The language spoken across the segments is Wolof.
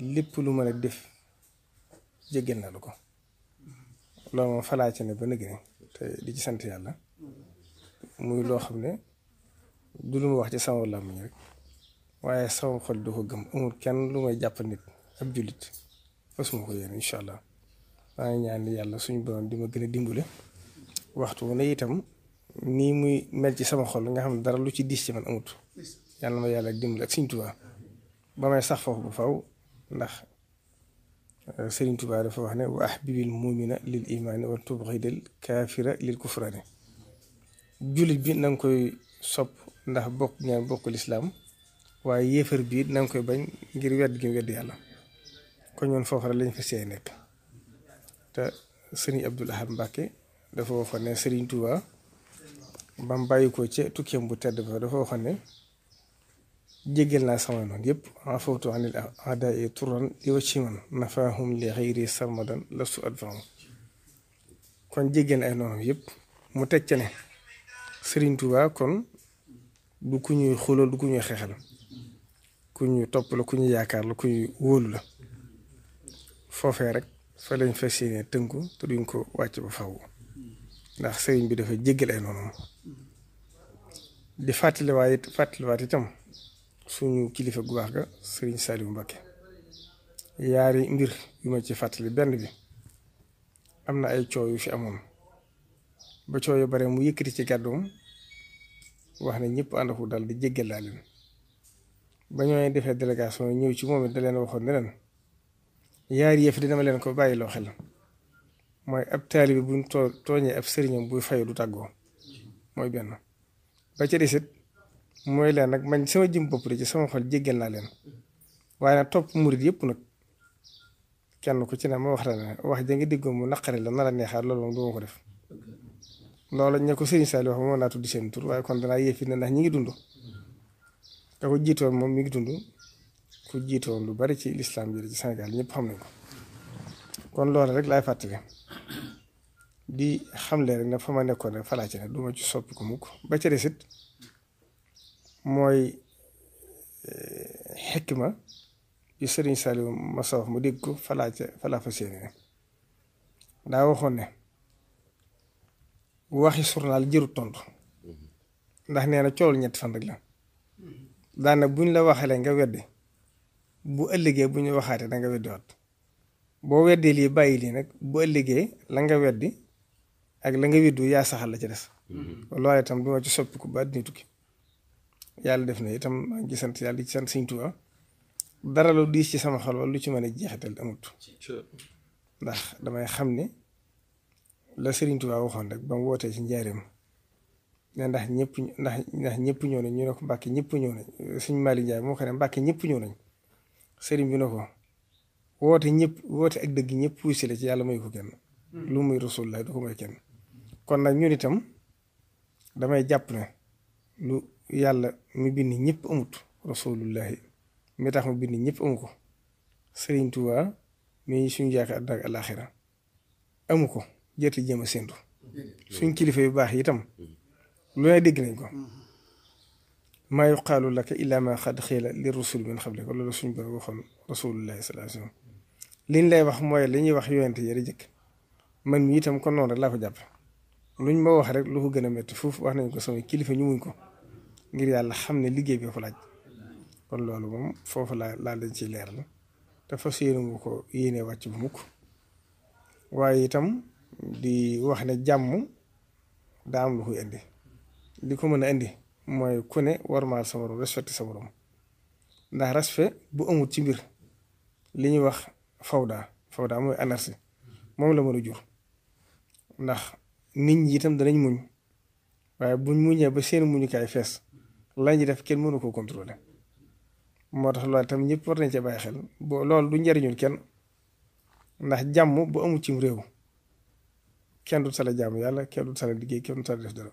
lépp lu mën a def jéggal na lu ko loolu moom falaa ci ne ba nëgëni te di ci sant yàlla muy loo xam ne du lu ma wax ci sama làmmiñ rek waaye sama xol du ko gëm amul kenn lu may jàpp nit ab jullit fas ma ko yéene incha allah maa ngi ñaan yàlla suñu borom di ma gën a dimbale waxtu wu ne itam nii muy mel ci sama xol nga xam ne dara lu ci diis ci man amut yàlla ma yàlla dimbale ak Sëriñ Tuubaa ba may sax foofu bu faw ndax euh, Sëriñ tubaa dafa wax ne wa ahbibil muumina lil imaani wa tubxidil kaafira lil kufraani jullit bi na koy sopp ndax bokk ngeen bokk lislaam waaye yéefar bii na nga koy bañ ngir wedd gi wedd yàlla kon ñoon foofu rek lañ see nekk te sëriñ Abdul Ahad Mbàkke dafa waxoon ne Sëriñ Tuubaa bam bàyyi ci ca tukkeem bu tedd ba dafa waxoon ne jéggal naa sama noon yëpp en fawtu anil adaa turan li wacci man nafaahum li xayri sarmadan la su adfahum kon jéggal na ay noonam yëpp mu teg ca ne Sëriñ Tuubaa kon du ku ñuy xuloo du ku ñuy xeexal ku ñu topp la ku ñu yaakaar la ku ñu wóolu la foofee rek fa lañ fas yéene tënku te duñ ko wàcc ba faw ndax sëriñ bi dafa jéggal ay noonam di fàttaliwaay fàttaliwaat itam suñu kilifa gu baax ga sëriñ Saliou Mbacké yaari mbir yu ma ci fàttali benn bi am na ay coow yu fi amoon ba coow yu bare mu yëkkati ci kàddoom wax ne ñëpp ànd ak dal di jéggal laa leen ba ñooy defee délégation ñëw ci moom it waxoon ne leen yaari yëf dina ma leen ko bàyyi loo xel mooy ab taalibi buñ too tooñee ab sëriñam buy fayu du tàggoo mooy benn ba ca des mooy leen nag man sama jëm bopp ci sama xol jéggal naa leen waaye nag topp murit yëpp nag kenn ku ci ne ma wax la ne wax ja nga déggoo mu naqari la nar a neexaar loolu moom duma ko def loolu ñu ko Serigne Saliou wax moom naa tudd seen kon danaa yéefi ne ndax ñi ngi dund da ko jiitoon moom mi ngi dund ku jiitoo lu bari ci lislaam bi ci Sénégal ñëpp xam nañ ko kon loolu rek laay fàttali di xam xamle rek na fa ma nekkoon rek falaa ci ne du ma ci soppi ko mukk ba ca desit mooy eh, xikma yu sëriñ Saliou Massa wax mu dégg ko falaa ca falaa fa séeni daa waxoon ne waxi journal jëru tontu mm-hmm. ndax nee na cool ñetti fan rek la mm-hmm. daana buñ la waxalee nga weddi bu ëllëgee bu ñu waxaatee danga nga weddi waat boo weddee lii bàyyi lii nag bu ëllëgee la nga weddi ak la nga weddu yaa saxal la ci des mm-hmm. loolu itam du ma ci soppiku ba àddina tukki yàlla def na itam maa ngi sant yàlla di sant Sëñ Tuubaa dara lu diis ci sama xol wala lu ci mën a jeexital amut ndax damay xam ne la Sëriñ Tuubaa waxoon rek ba mu wootee ci njaareem ne ndax ñëpp ndax ndax ñëpp ñëw ne ko Mbàkke ñëpp ñëw nañ suñ Maali Njaay moo ko ne Mbàkke ñëpp ñëw nañ sëriñ bi ne ko woote ñëpp woote ak dëgg ñëpp si yàlla may ko kenn lu muy rasul la du ko may kenn damay jàpp ne lu yàlla mi bind ñëpp amut rasulullahi mi tax mu bind ñëpp amu ko Sëriñ Tuubaa mi suñ yaakaar àdduna ak alaaxira amu ko jërti jéem a séntu suñ kilifa yu baax itam lu ne dégg nañ ko maa yuqaalu laka illaa ma xad xiila li rusul min xablika loolu suñ borom waxoon rasulullahi sallallahu alayhi wasallam lay wax mooy li ñuy wax yonent yëre jëkk man mi itam kon noonu rek laa ko jàpp luñ ma wax rek lu ko gën a métti foofu wax nañ ko sama kilifa ñu muñ ko ngir yàlla xam ne liggéey bi fa laaj kon loolu moom foofu laa laa dañ ci leer la te fas yéene ko yéene wàcc bu mukk waaye itam di wax ne jàmm daa am lu koy indi li ko mën a indi mooy ku ne warmaal sa morom respecté ndax respect bu amul ci mbir li ñuy wax fawda fawda mooy anarchie moom la mën a jur ndax nit ñi itam danañ muñ waaye buñ muñee ba seen muñukaay fees la ñuy def kenn mënu koo contrôler moo tax loolu tam ñëpp war nañ cee bàyyi xel boo loolu du njariñul kenn ndax jàmm bu amul cim réew kenn du sala jàmm yàlla kenn du sala liggéey kenn du sala def dara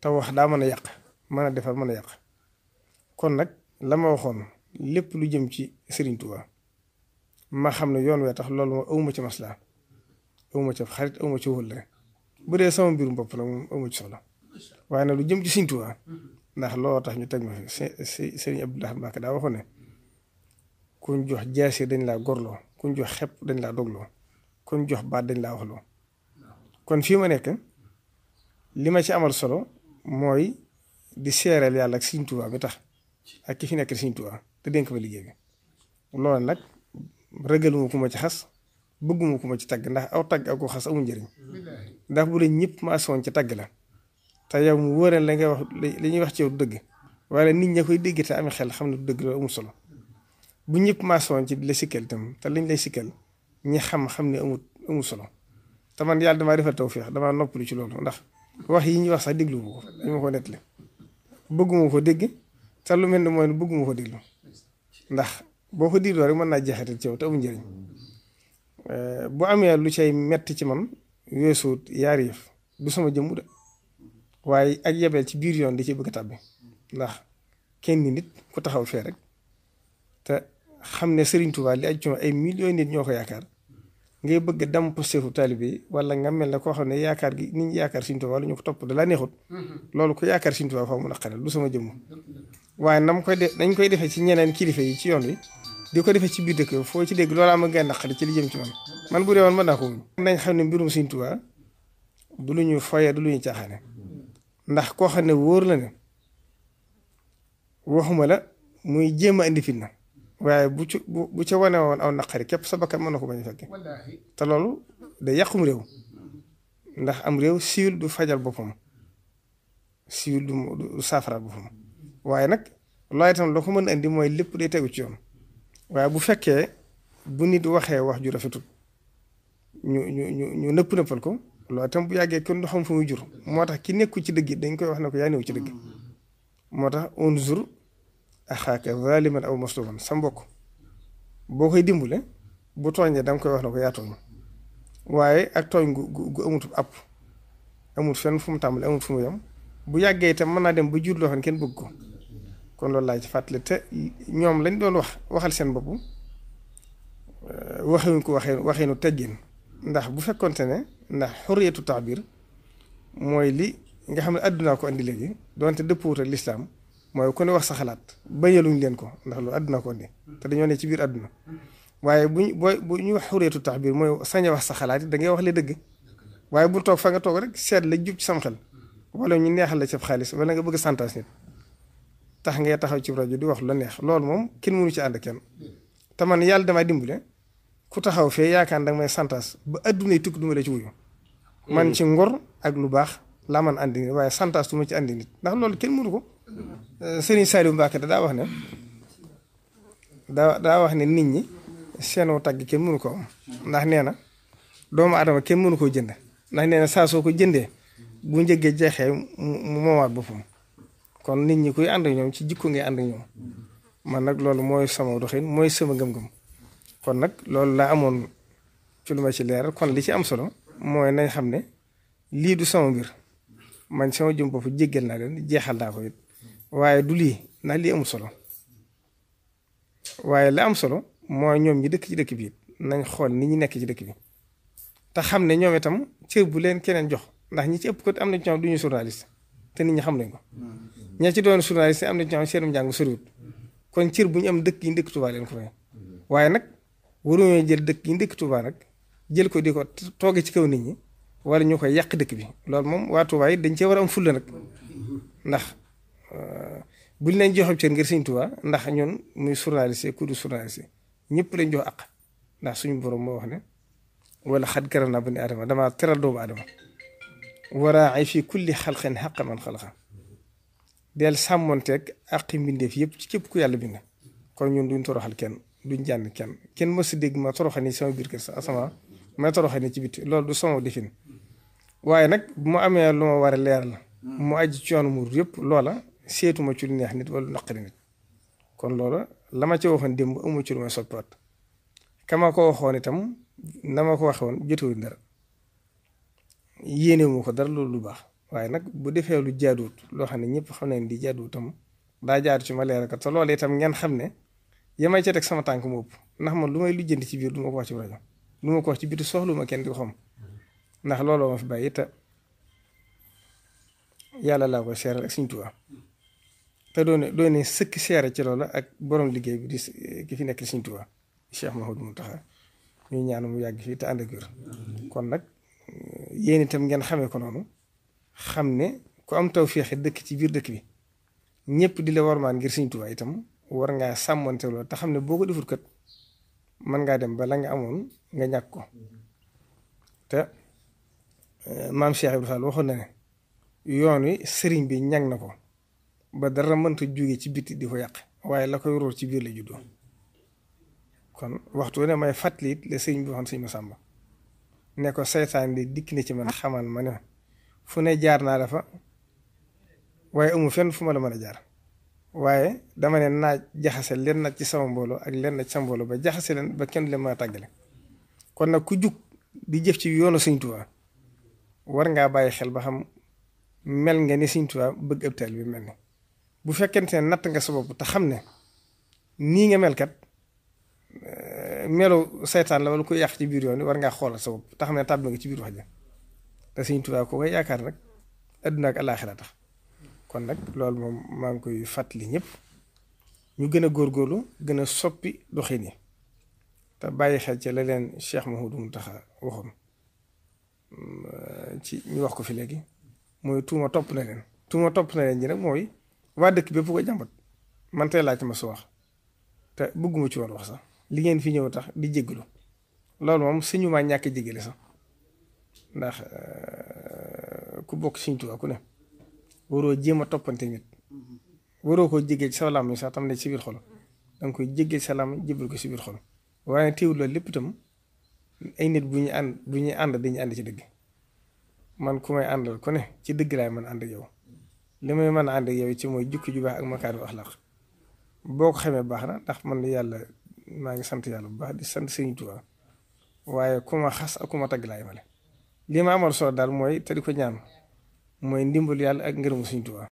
te wax daa mën a yàq mën a defar mën a yàq kon nag la ma waxoon lépp lu jëm ci Serigne Touba ma xam ne yoon wee tax loolu moom awuma ci maslaa awuma ci xarit awuma ci wëllëre bu dee sama mbirum bopp la moom awuma ci soxla waaye nag lu jëm ci Serigne ndax looloo tax ñu teg ma fi sëriñ Abdullah Mbacke daa waxoon ne kuñ jox jaasi dañ laa gorloo kuñ jox xepp dañ laa dogloo kuñ jox baat dañ laa waxloo kon fii ma nekk li ma ci amal solo mooy di seereel yàlla ak Sëriñ Tuubaa bi tax ak ki fi nekk Sëriñ Tuubaa te dénk ma liggéey bi loolu nag rëgaluma ku ma ci xas bëgguma ku ma ci tagg ndax aw tagg ak ko xas amul njëriñ ndax bu dee ñëpp ma asoon ci tagg la te yow mu wóoree la ngay wax li ñuy wax ci dëgg waaye nit ña koy dégg te amee xel xam ne dëgg loolu solo bu ñëpp maasoon ci di la sikkal itam te lañ lay sikkal ñi xam xam ne amul amul solo te man yàlla damaa defal feex damaa noppalu ci loolu ndax wax yi ñuy wax sax déglu ko li ma ko nettali bëgguma ko dégg te lu mel ni mooy bëgguma ko déglu ndax boo ko dégloo rek mën naa jeexital ci yow te amul njëriñ eh, bu amee lu cay metti ci man weesuut yaar yëf du sama jëmm de. waaye ak yebeel ci biir yoon di ci bëgg a tàbbi ndax kenn nit ku taxaw fee rek te xam ne sëriñ Touba li aju ci ay millions nit ñoo ko yaakaar ngay bëgg a damp seefu taalibe yi wala nga mel ne koo xam ne yaakaar gi ni ñu yaakaar Serigne Touba lu ñu ko topp dalaa laa neexut mm-hmm. loolu ko yaakaar Serigne Touba faaw mu naqare du sama jëmm waaye koy def dañ koy defee ci ñeneen kilifa yi ci yoon wi di ko defee ci biir dëkk foo ci dégg loolaa ma gën naqari ci li jëm ci man man bu dee woon mën nañ xam ne mbirum Serigne Touba du lu ñu foyee du lu ñu caaxaane ndax koo xam ne wóor la ne waxuma la muy jéem a indi fitna waaye bu ci bu ca wane woon aw naqari képp sa bakkan mën na ko bañ a fekke te loolu da yàqum réew ndax am réew siwil du fajal boppam siwil du du saafaraat boppam waaye nag looy itam loo ko mën a indi mooy lépp day tegu ci yoon waaye bu fekkee bu nit waxee wax ju rafetul ñu ñu ñu ñu nëpp nëppal ko loolu tam bu yàggee kenn du xam fu muy jur moo tax ki nekku ci dëgg dañ koy wax ne ko yaa néew ci dëgg moo tax unzur axaaka zaliman aw masluman sa mbokk boo koy dimbale bu tooñee danga koy wax ne ko yaa ma waaye ak tooñ gu gu amut app amut fenn fu mu tàmbale amut fu mu yem bu yàggee tam mën naa dem ba jur loo xam kenn bëgg ko kon loolu laa ci fàttali te ñoom lañ doon wax waxal seen bopp euh, waxuñ ko waxee waxee nu teggin ndax bu fekkonte ne. ndax xuriyatu taabir mooy li nga xam ne àddunaa ko andi léegi donte dëppoowut ak lislaam mooy ku ne wax sa xalaat bañaluñ leen ko ndax loolu àddunaa ko andi te dañoo ne ci biir àdduna waaye bu ñu booy bu ñuy wax xuriyatu taabir mooy sañ a wax sa xalaat yi da ngay wax li dëgg waaye bu toog fa nga toog rek seet la jub ci sam xel wala ñu neexal la ci xaalis wala nga bëgg santaas nit tax ngay taxaw ci rajo di wax lu neex loolu moom kenn mënu ci ànd kenn te man yàlla damaa dimbale ku taxaw fee yaakaar ne danga may santaas ba addunay tukki duma ma la ci wuyu. man ci ngor ak lu baax laa man andi waaye santaas du ci andi ndax loolu kenn mënu ko. Euh, Serigne Saliou Mbacke daa wax ne daa daa wax ne nit ñi seenoo tagg kenn mënu ko ndax nee na doomu aadama kenn mënu koo jënd ndax nee na saa soo ko jëndee bu njëggee jeexee mu moomaat boppam kon nit ñi kuy ànd ñoom ci jikko ngay ànd ñoom man nag loolu mooy sama doxin mooy sama gëm-gëm. kon nag loolu laa amoon ci lu ma ci leeral kon li ci am solo mooy nañ xam ne lii du sama mbir man sama jëm bopp jéggal naa leen jeexal naa ko it waaye du lii ndax lii amul solo waaye la am solo mooy ñoom ñi dëkk ci dëkk bi nañ xool ni ñi nekk ci dëkk bi te xam ne ñoom itam cër bu leen keneen jox ndax ñi ci ëpp ko am na ci ñoom du ñu journaliste te nit ñi xam nañ ko ña ci doon journaliste am na ci seenu seenum njàng soriwut kon cër bu ñu am dëkk yi dëkk Tuubaa leen ko fay waaye nag waruñoo jël dëkk yi ndëkk Touba nag jël ko di ko tooge ci kaw nit ñi wala ñu koy yàq dëkk bi loolu moom waa Touba yi dañ cee war a am fulla nag ndax euh, buñ leen joxob cër ngir Sëñ Touba ndax ñun muy journaliste ku du journaliste ñëpp lañ jox àq ndax suñu borom moo wax ne wala xad karam naa bani aadama damaa teral doomu aadama a ay fii kulli xalqin xaqa man xalqa del sàmmonteeg àqi mbindeef yëpp ci képp ku yàlla bind kon ñun duñ toroxal kenn duñ jànn kenn kenn mës a dégg ma toroxa ni sama biir kër sa sama may toroxa ci biti loolu du sama defin waaye nag bu ma amee lu ma war a leer la mu aji ci yëpp loola seetuma ci lu neex nit wala kon loola la ma ca waxoon démb amu ci lu may soppiwaat ko waxoon itam na ma ko waxoon jotewuñ dara yéenewu ko dara loolu lu baax waaye nag bu defee lu jaaduwut loo xam ne ñëpp xam nañ di jaaduwut tam daa jaar ci ma leer ko te loolu itam ngeen xam ne yamay ca teg sama tànk mu ëpp ndax ma lu may lijjanti ci biir duma ma ko wax ci rajo lu ma ko wax ci biti soxlu ma kenn di ko xam ndax looloo ma fi bàyyi te yàlla laa koy seeral ak Sëriñ Tuubaa te doo ne doo ne sëkk seere ci loola ak boroom liggéey bi di eh, ki fi nekk Sëriñ Tuubaa Cheikh Mouhamadou Mountakha ñu ñaan mu yàgg fii te ànd ak wér kon nag eh, yéen itam ngeen xamee ko noonu xam ne ku am taw tawféex dëkk ci biir dëkk bi ñëpp di la warmaan ngir Sëriñ Tuubaa itam. war ngaa sàmmante loolu te xam ne boo ko defut kat mën ngaa dem ba la nga amoon nga ñàkk ko te eh, maam Cheikh Ibrahima Fall waxoon na ne yoon wi sëriñ bi ñag na ko ba dara mënta jóge ci biti di ko yàq waaye la koy róor ci biir la juddoo kon waxtu ne may fàttali it la sëriñ bi waxoon sëñ Massamba ne ko seytaan di dikk na ci man xamal ma ne fu ne jaar naa fa waaye amu fenn fu ma la mën a jaar waaye dama ne naa jaxase leen na ci sama mbooloo ak lenn na ci sama mbooloo ba jaxase leen ba kenn leen mën a tàggale kon nag ku jug di jëf ci yoonu Sëñ Tuubaa war ngaa bàyyi xel ba xam mel nga ni Sëñ Tuubaa bëgg mel ni bu fekkente ne natt nga sa bopp te xam ne nii nga mel kat eh, melu saytaan la wala ko yàq ci biir yoon war ngaa xoolal sa bopp te xam ne tàbb nga ci biir wax ja te Sëñ Tuubaa ko koy yaakaar nag adduna ak alaaxira tax kon nag loolu moom maa ngi koy fàttali ñëpp ñu gën a góor góorlu gën a soppi doxin yi te bàyyi xel ci la leen Cheikh Mouhamadou Mountakha waxoon mm, ci ñu wax ko fi léegi mooy tuuma topp na leen tuuma topp na leen ji nag mooy waa dëkk bépp ko jàmbat man tey laaj ma su wax te bëgguma ci woon wax sax li ngeen fi ñëw tax di jéggalu loolu moom suñu maa ñàkk jéggale sax ndax euh, ku bokk Sëriñ Tuubaa ku ne waroo jéem a toppante nit waroo koo jéggee ci sa làmm sax tam ne ci biir xol danga koy jéggee ci sa làmm jébal ko ci biir xol waaye teewul loolu lépp itam ay nit bu ñuy ànd bu ñuy ànd dañuy ànd ci dëgg man ku may àndal ku ci dëgg laay mën ànd yow li may mën a ànd ak ci mooy jukki ju baax ak makaaru axlaq boo ko xamee baax na ndax man yàlla maa ngi sant yàlla bu baax di sant Sëriñ Tuubaa waaye ku ma xas ku ma tagg laay male li ma amal solo daal mooy te di ko ñaan mooy ndimbal yàlla ak ngërëmu Sëriñ Tuubaa